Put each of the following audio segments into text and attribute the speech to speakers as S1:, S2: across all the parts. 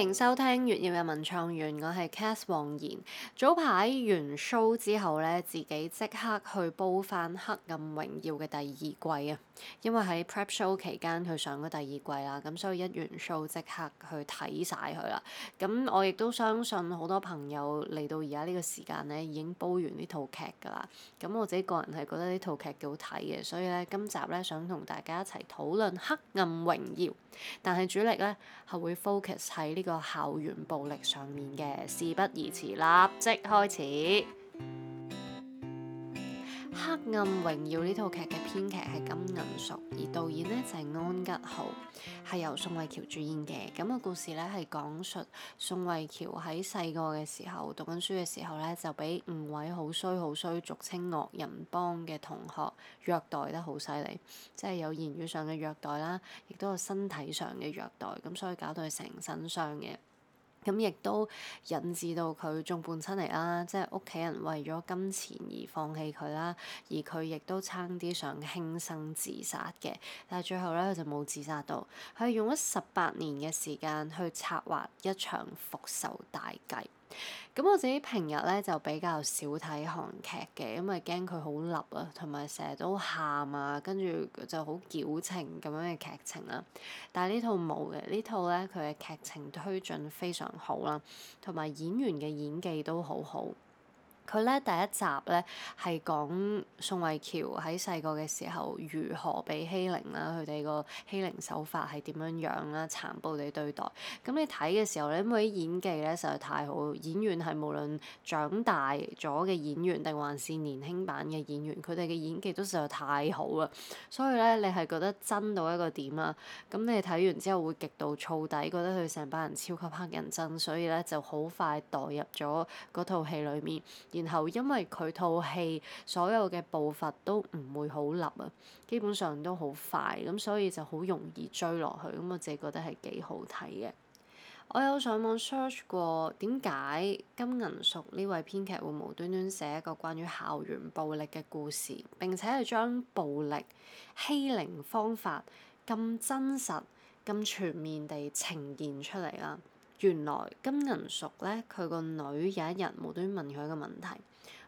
S1: 歡迎收聽《月曜嘅文創園》，我係 Cath 王然。早排完 show 之後咧，自己即刻去煲翻《黑暗榮耀》嘅第二季啊！因為喺 prep show 期間佢上咗第二季啦，咁所以一完 show 即刻去睇晒佢啦。咁我亦都相信好多朋友嚟到而家呢個時間咧，已經煲完呢套劇㗎啦。咁我自己個人係覺得呢套劇幾好睇嘅，所以咧今集咧想同大家一齊討論《黑暗榮耀》，但係主力咧係會 focus 喺呢個個校園暴力上面嘅，事不宜遲，立即開始。《黑暗榮耀》呢套劇嘅編劇係金銀淑，而導演呢就係安吉浩，係由宋慧喬主演嘅。咁個故事咧係講述宋慧喬喺細個嘅時候讀緊書嘅時候咧，就俾五位好衰好衰，俗稱惡人幫嘅同學虐待得好犀利，即係有言語上嘅虐待啦，亦都有身體上嘅虐待，咁所以搞到佢成身傷嘅。咁亦都引致到佢眾叛親離啦，即係屋企人為咗金錢而放棄佢啦，而佢亦都差啲想輕生自殺嘅，但係最後咧佢就冇自殺到，佢用咗十八年嘅時間去策劃一場復仇大計。咁我自己平日咧就比較少睇韓劇嘅，因為驚佢好立啊，同埋成日都喊啊，跟住就好矯情咁樣嘅劇情啦。但係呢套冇嘅，呢套咧佢嘅劇情推進非常好啦，同埋演員嘅演技都好好。佢咧第一集咧係講宋慧喬喺細個嘅時候如何被欺凌啦，佢哋個欺凌手法係點樣樣啦，殘暴地對待。咁你睇嘅時候，你因為啲演技咧實在太好，演員係無論長大咗嘅演員定還是年輕版嘅演員，佢哋嘅演技都實在太好啦，所以咧你係覺得真到一個點啊。咁你睇完之後會極度燥底，覺得佢成班人超級黑人憎，所以咧就好快墮入咗嗰套戲裏面。然後因為佢套戲所有嘅步伐都唔會好立啊，基本上都好快咁，所以就好容易追落去咁，我自己覺得係幾好睇嘅。我有上網 search 過，點解金銀淑呢位編劇會無端端寫一個關於校園暴力嘅故事，並且係將暴力欺凌方法咁真實、咁全面地呈現出嚟啦。原來金銀淑咧，佢個女有一日無端端問佢一個問題，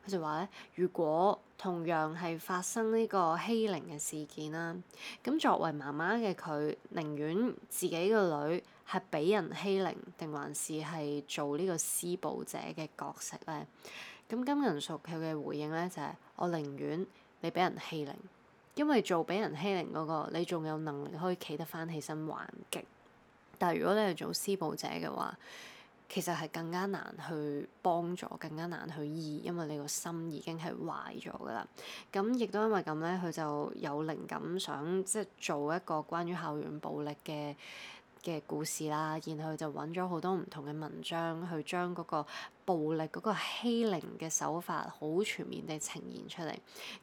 S1: 佢就話咧：如果同樣係發生呢個欺凌嘅事件啦，咁作為媽媽嘅佢，寧願自己個女係俾人欺凌，定還是係做呢個施暴者嘅角色咧？咁金銀淑佢嘅回應咧就係、是：我寧願你俾人欺凌，因為做俾人欺凌嗰、那個，你仲有能力可以企得翻起身還擊。但如果你係做施暴者嘅話，其實係更加難去幫助，更加難去醫，因為你個心已經係壞咗噶啦。咁亦都因為咁咧，佢就有靈感想即係做一個關於校園暴力嘅嘅故事啦。然後佢就揾咗好多唔同嘅文章去將嗰個。暴力嗰個欺凌嘅手法好全面地呈現出嚟，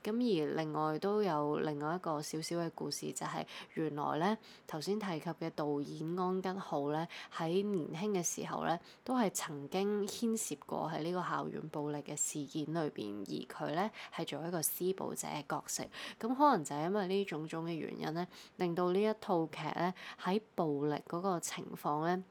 S1: 咁而另外都有另外一個少少嘅故事，就係原來咧頭先提及嘅導演安吉浩咧喺年輕嘅時候咧，都係曾經牽涉過喺呢個校園暴力嘅事件裏邊，而佢咧係做一個施暴者嘅角色，咁可能就係因為呢種種嘅原因咧，令到呢一套劇咧喺暴力嗰個情況咧。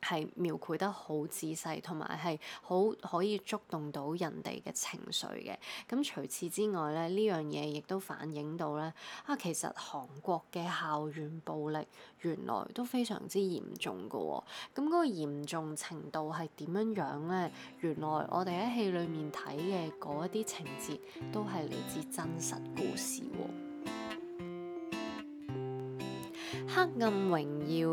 S1: 係描繪得好仔細，同埋係好可以觸動到人哋嘅情緒嘅。咁除此之外咧，呢樣嘢亦都反映到咧啊，其實韓國嘅校園暴力原來都非常之嚴重㗎喎。咁嗰個嚴重程度係點樣樣咧？原來我哋喺戲裏面睇嘅嗰一啲情節都係嚟自真實故事喎。《黑暗榮耀》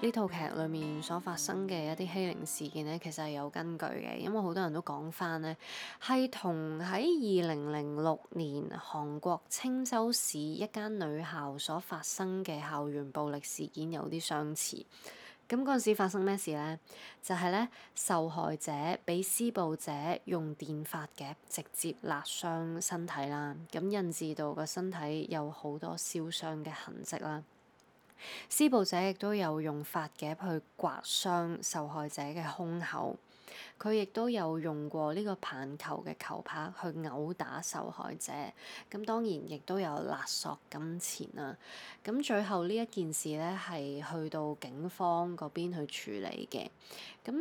S1: 呢套劇裏面所發生嘅一啲欺凌事件咧，其實係有根據嘅，因為好多人都講翻咧，係同喺二零零六年韓國青州市一間女校所發生嘅校園暴力事件有啲相似。咁嗰陣時發生咩事咧？就係咧，受害者俾施暴者用電髮夾直接勒傷身體啦，咁引致到個身體有好多燒傷嘅痕跡啦。施暴者亦都有用發夾去刮傷受害者嘅胸口，佢亦都有用過呢個棒球嘅球拍去毆打受害者，咁當然亦都有勒索金錢啦。咁最後呢一件事咧，係去到警方嗰邊去處理嘅，咁。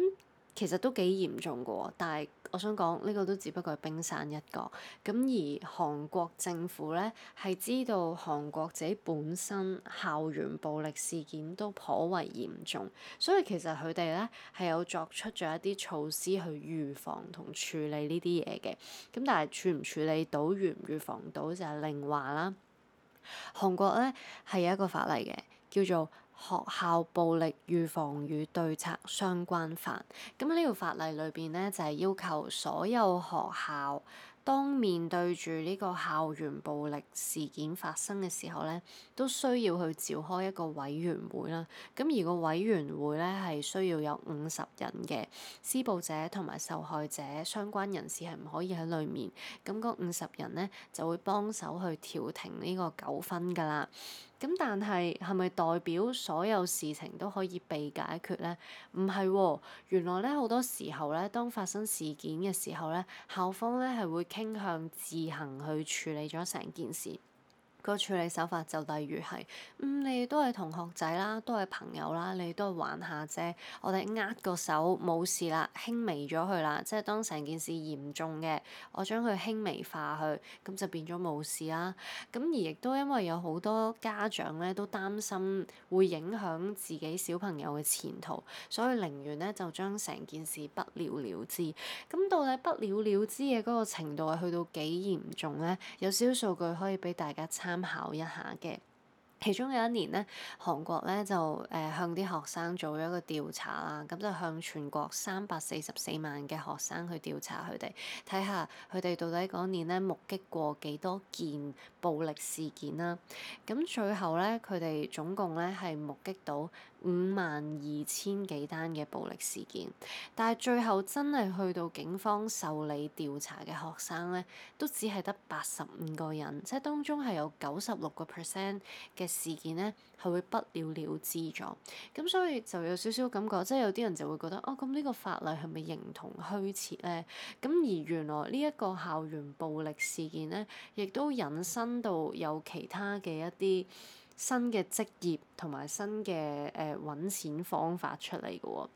S1: 其實都幾嚴重㗎喎，但係我想講，呢個都只不過係冰山一角。咁而韓國政府咧係知道韓國自己本身校園暴力事件都頗為嚴重，所以其實佢哋咧係有作出咗一啲措施去預防同處理呢啲嘢嘅。咁但係處唔處理到預唔預防到就係另話啦。韓國咧係有一個法例嘅，叫做。學校暴力預防與對策相關法，咁呢條法例裏邊咧，就係要求所有學校。當面對住呢個校園暴力事件發生嘅時候咧，都需要去召開一個委員會啦。咁而個委員會咧係需要有五十人嘅，施暴者同埋受害者相關人士係唔可以喺裡面。咁嗰五十人咧就會幫手去調停呢個糾紛㗎啦。咁但係係咪代表所有事情都可以被解決咧？唔係喎，原來咧好多時候咧，當發生事件嘅時候咧，校方咧係會。傾向自行去處理咗成件事。個處理手法就例如係，嗯，你哋都係同學仔啦，都係朋友啦，你哋都係玩下啫。我哋握個手冇事啦，輕微咗佢啦。即係當成件事嚴重嘅，我將佢輕微化佢，咁就變咗冇事啦。咁而亦都因為有好多家長咧都擔心會影響自己小朋友嘅前途，所以寧願咧就將成件事不了了之。咁到底不了了之嘅嗰個程度係去到幾嚴重咧？有少少數據可以俾大家參。參考一下嘅。其中有一年咧，韓國咧就誒向啲學生做咗一個調查啦，咁就向全國三百四十四萬嘅學生去調查佢哋，睇下佢哋到底嗰年咧目擊過幾多件暴力事件啦。咁最後咧，佢哋總共咧係目擊到五萬二千幾單嘅暴力事件，但係最後真係去到警方受理調查嘅學生咧，都只係得八十五個人，即係當中係有九十六個 percent 嘅。事件咧係會不了了之咗，咁所以就有少少感覺，即係有啲人就會覺得，哦，咁呢個法例係咪形同虛設咧？咁而原來呢一個校園暴力事件咧，亦都引申到有其他嘅一啲新嘅職業同埋新嘅誒揾錢方法出嚟嘅喎。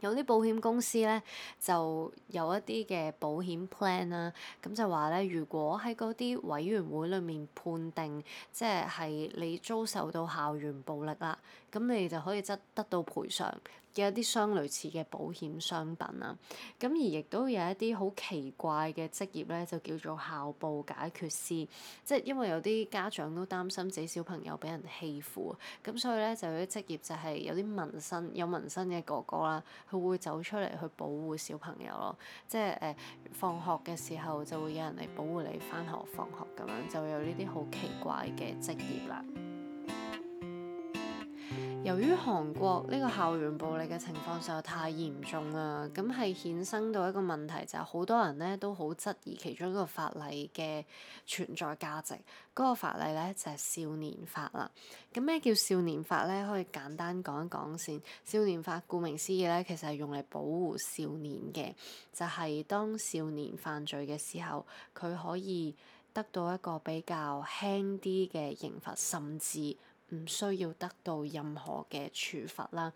S1: 有啲保險公司咧，就有一啲嘅保險 plan 啦，咁就話咧，如果喺嗰啲委員會裏面判定，即係你遭受到校園暴力啦。咁你就可以則得到賠償嘅一啲相類似嘅保險商品啦。咁而亦都有一啲好奇怪嘅職業咧，就叫做校暴解決師。即係因為有啲家長都擔心自己小朋友俾人欺負，咁所以咧就有啲職業就係有啲紋身，有紋身嘅哥哥啦，佢會走出嚟去保護小朋友咯。即係誒、呃、放學嘅時候就會有人嚟保護你返學放學咁樣，就會有呢啲好奇怪嘅職業啦。由於韓國呢個校園暴力嘅情況實在太嚴重啦，咁係衍生到一個問題，就係好多人咧都好質疑其中一個法例嘅存在價值。嗰個法例咧就係少年法啦。咁咩叫少年法咧？可以簡單講一講先。少年法顧名思義咧，其實係用嚟保護少年嘅，就係當少年犯罪嘅時候，佢可以得到一個比較輕啲嘅刑罰，甚至，唔需要得到任何嘅處罰啦。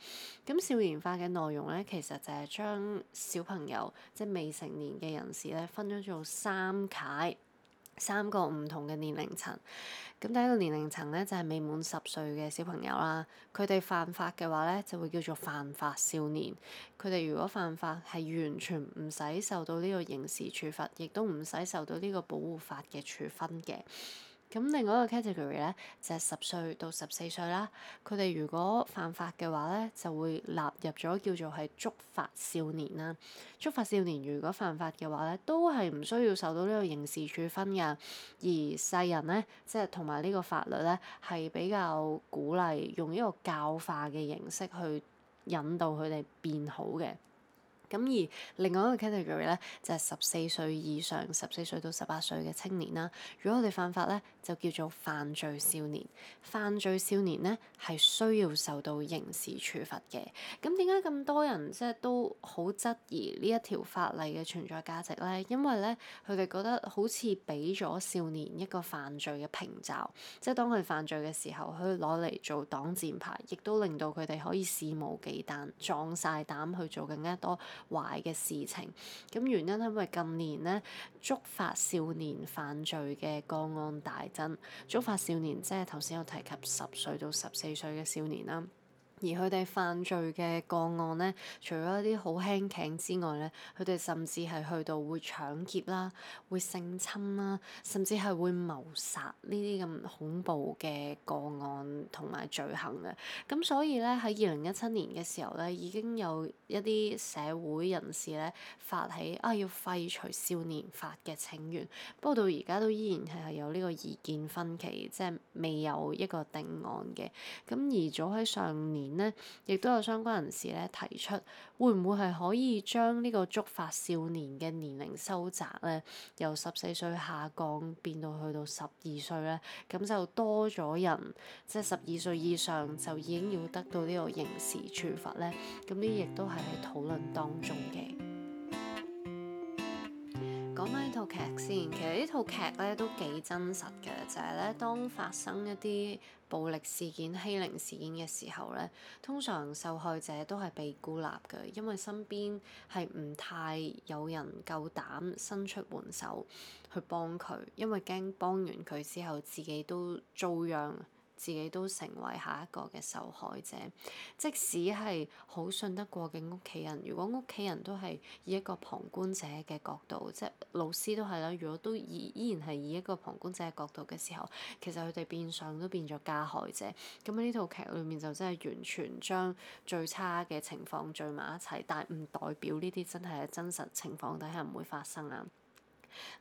S1: 咁少年法嘅內容咧，其實就係將小朋友即係、就是、未成年嘅人士咧，分咗做三階三個唔同嘅年齡層。咁第一個年齡層咧，就係、是、未滿十歲嘅小朋友啦。佢哋犯法嘅話咧，就會叫做犯法少年。佢哋如果犯法係完全唔使受到呢個刑事處罰，亦都唔使受到呢個保護法嘅處分嘅。咁另外一個 category 咧，就係十歲到十四歲啦。佢哋如果犯法嘅話咧，就會納入咗叫做係觸發少年觸法少年啦。觸法少年如果犯法嘅話咧，都係唔需要受到呢個刑事處分嘅。而世人咧，即係同埋呢個法律咧，係比較鼓勵用呢個教化嘅形式去引導佢哋變好嘅。咁而另外一個 category 咧，就係十四歲以上，十四歲到十八歲嘅青年啦。如果我哋犯法咧，就叫做犯罪少年。犯罪少年咧，係需要受到刑事處罰嘅。咁點解咁多人即係都好質疑呢一條法例嘅存在價值咧？因為咧，佢哋覺得好似俾咗少年一個犯罪嘅屏障，即係當佢哋犯罪嘅時候，佢可以攞嚟做擋箭牌，亦都令到佢哋可以肆無忌憚、壯晒膽去做更加多壞嘅事情，咁原因係因為近年咧，觸發少年犯罪嘅個案大增，觸發少年即係頭先有提及十歲到十四歲嘅少年啦。而佢哋犯罪嘅個案咧，除咗一啲好輕微之外咧，佢哋甚至係去到會搶劫啦，會性侵啦，甚至係會謀殺呢啲咁恐怖嘅個案同埋罪行嘅。咁所以咧，喺二零一七年嘅時候咧，已經有一啲社會人士咧發起啊要廢除少年法嘅請願，不過到而家都依然係係有呢個意見分歧，即係未有一個定案嘅。咁而早喺上年。咧，亦都有相關人士咧提出，會唔會係可以將呢個觸發少年嘅年齡收窄咧，由十四歲下降變到去到十二歲呢？咁就多咗人，即係十二歲以上就已經要得到呢個刑事處罰呢。咁呢，亦都係喺討論當中嘅。講返呢套劇先，其實呢套劇咧都幾真實嘅，就係咧當發生一啲暴力事件、欺凌事件嘅時候咧，通常受害者都係被孤立嘅，因為身邊係唔太有人夠膽伸出援手去幫佢，因為驚幫完佢之後自己都遭殃。自己都成為下一個嘅受害者，即使係好信得過嘅屋企人，如果屋企人都係以一個旁觀者嘅角度，即係老師都係啦，如果都依依然係以一個旁觀者嘅角度嘅時候，其實佢哋變相都變咗加害者。咁喺呢套劇裏面就真係完全將最差嘅情況聚埋一齊，但係唔代表呢啲真係真實情況底下唔會發生啊。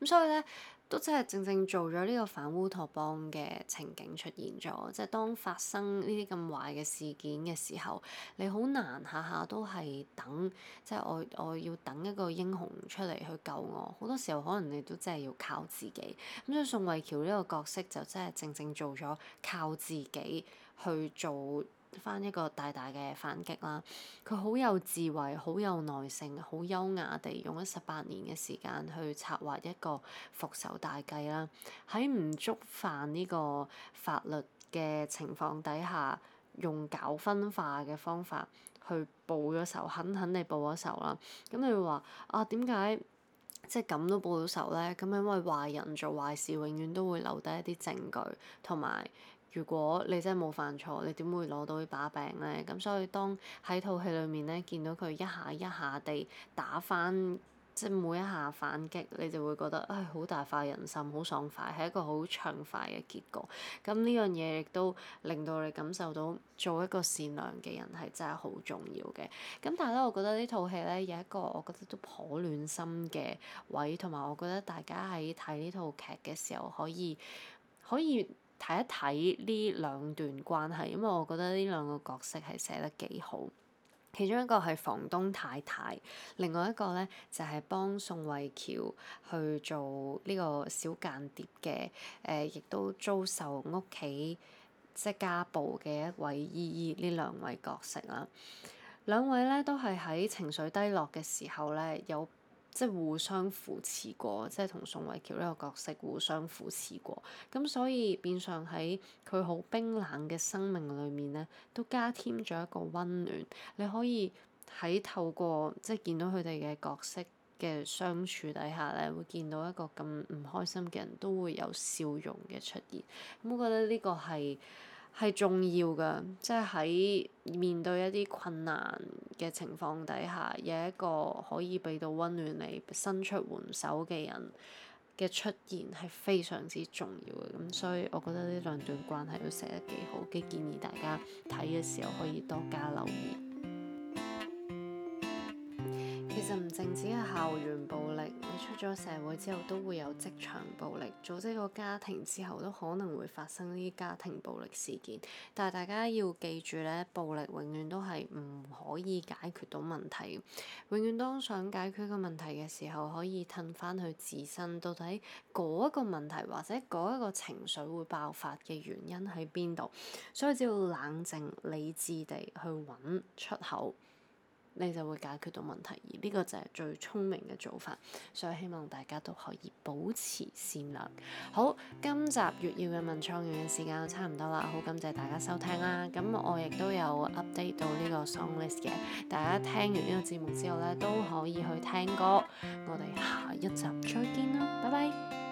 S1: 咁所以咧，都真係正正做咗呢個反烏托邦嘅情景出現咗，即係當發生呢啲咁壞嘅事件嘅時候，你好難下下都係等，即係我我要等一個英雄出嚟去救我。好多時候可能你都真係要靠自己。咁所以宋慧喬呢個角色就真係正正做咗靠自己去做翻一個大大嘅反擊啦！佢好有智慧，好有耐性，好優雅地用咗十八年嘅時間去策劃一個復仇大計啦！喺唔觸犯呢個法律嘅情況底下，用搞分化嘅方法去報咗仇，狠狠地報咗仇啦！咁你會話啊，點解即係咁都報到仇咧？咁因為壞人做壞事，永遠都會留低一啲證據同埋。如果你真係冇犯錯，你點會攞到呢把柄咧？咁所以當喺套戲裡面咧，見到佢一下一下地打返，即係每一下反擊，你就會覺得唉，好大快人心，好爽快，係一個好暢快嘅結果。咁呢樣嘢亦都令到你感受到做一個善良嘅人係真係好重要嘅。咁但係咧，我覺得呢套戲咧有一個我覺得都頗暖心嘅位，同埋我覺得大家喺睇呢套劇嘅時候可以可以。睇一睇呢兩段關係，因為我覺得呢兩個角色係寫得幾好。其中一個係房東太太，另外一個咧就係、是、幫宋慧喬去做呢個小間諜嘅，誒、呃、亦都遭受屋企即、係、家暴嘅一位姨姨。呢兩位角色啦，兩位咧都係喺情緒低落嘅時候咧有。即係互相扶持過，即係同宋慧喬呢個角色互相扶持過，咁所以變相喺佢好冰冷嘅生命裏面呢，都加添咗一個溫暖。你可以喺透過即係見到佢哋嘅角色嘅相處底下呢，會見到一個咁唔開心嘅人都會有笑容嘅出現。咁我覺得呢個係，係重要嘅，即係喺面對一啲困難嘅情況底下，有一個可以俾到溫暖你、伸出援手嘅人嘅出現係非常之重要嘅。咁所以，我覺得呢兩段關係都寫得幾好，即建議大家睇嘅時候可以多加留意。其實唔淨止係校園暴力，你出咗社會之後都會有職場暴力，組織個家庭之後都可能會發生呢啲家庭暴力事件。但係大家要記住咧，暴力永遠都係唔可以解決到問題，永遠當想解決個問題嘅時候，可以褪翻去自身到底嗰一個問題或者嗰一個情緒會爆發嘅原因喺邊度，所以只要冷靜理智地去揾出口。你就會解決到問題，而呢個就係最聰明嘅做法，所以希望大家都可以保持善良。好，今集《月曜日嘅文創園》嘅時間都差唔多啦，好感謝大家收聽啦。咁我亦都有 update 到呢個 song list 嘅，大家聽完呢個節目之後呢，都可以去聽歌。我哋下一集再見啦，拜拜。